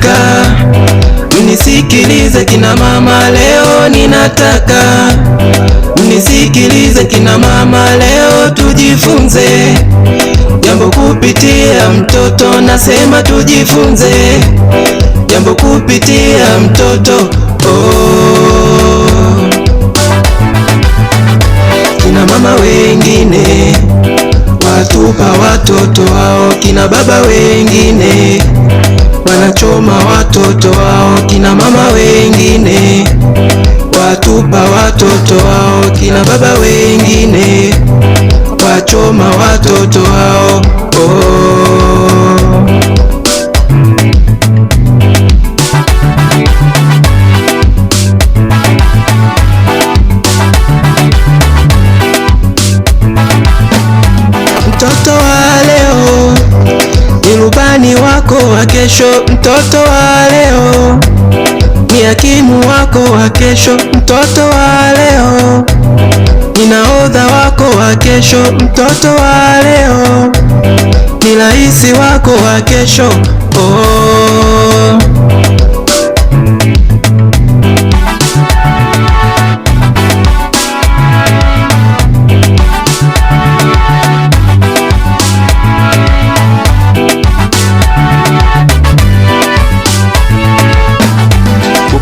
nataka mnisikilize kina mama, leo ninataka mnisikilize kina mama, leo tujifunze jambo kupitia mtoto, nasema tujifunze jambo kupitia mtoto oh. Kina mama wengine watupa watoto wao, kina baba wengine waliosoma watoto wao kina mama wengine, watupa watoto wao kina baba wengine, wachoma watoto wao wako wa kesho, mtoto wa leo. Ni hakimu wako wa kesho, mtoto wa leo. Ni nahodha wako wa kesho, mtoto wa leo. Ni rais wako wa kesho, oh.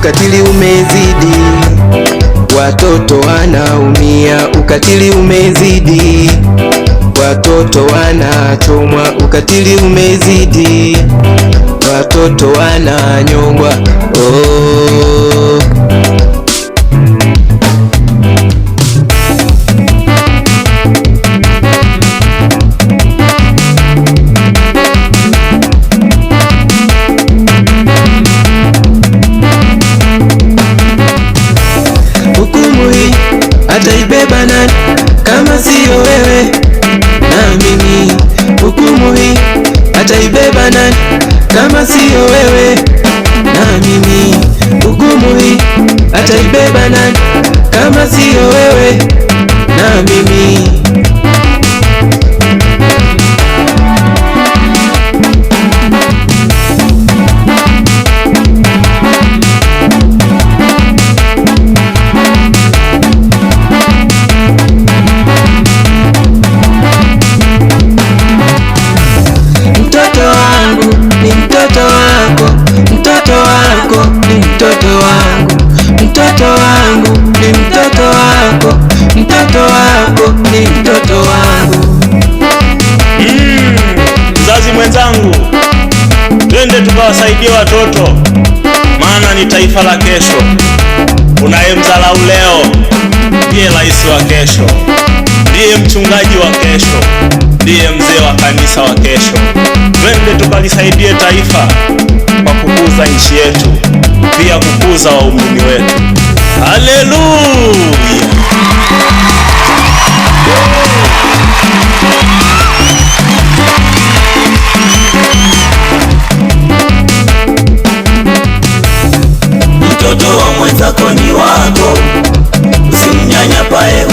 ukatili umezidi, watoto wanaumia, ukatili umezidi, watoto wanachomwa, ukatili umezidi, watoto wananyongwa oh. ataibeba nani kama siyo wewe? mimi? hukumu hii ataibeba nani kama siyo wewe? mimi? hukumu hii ataibeba nani kama siyo wewe? mimi? mtoto wangu, mtoto wangu ni mtoto wako, mtoto wako ni mtoto wangu. Hmm, mzazi mm, mwenzangu, twende tukawasaidie watoto, maana ni taifa la kesho. Unayemdharau leo ndiye rais wa kesho, ndiye mchungaji wa kesho, ndiye mzee wa kanisa wa kesho. Twende tukalisaidie taifa kukuza nchi yetu, pia kukuza waumini wetu. Haleluya! Mtoto wa mwenzako ni wako, usimnyanyapae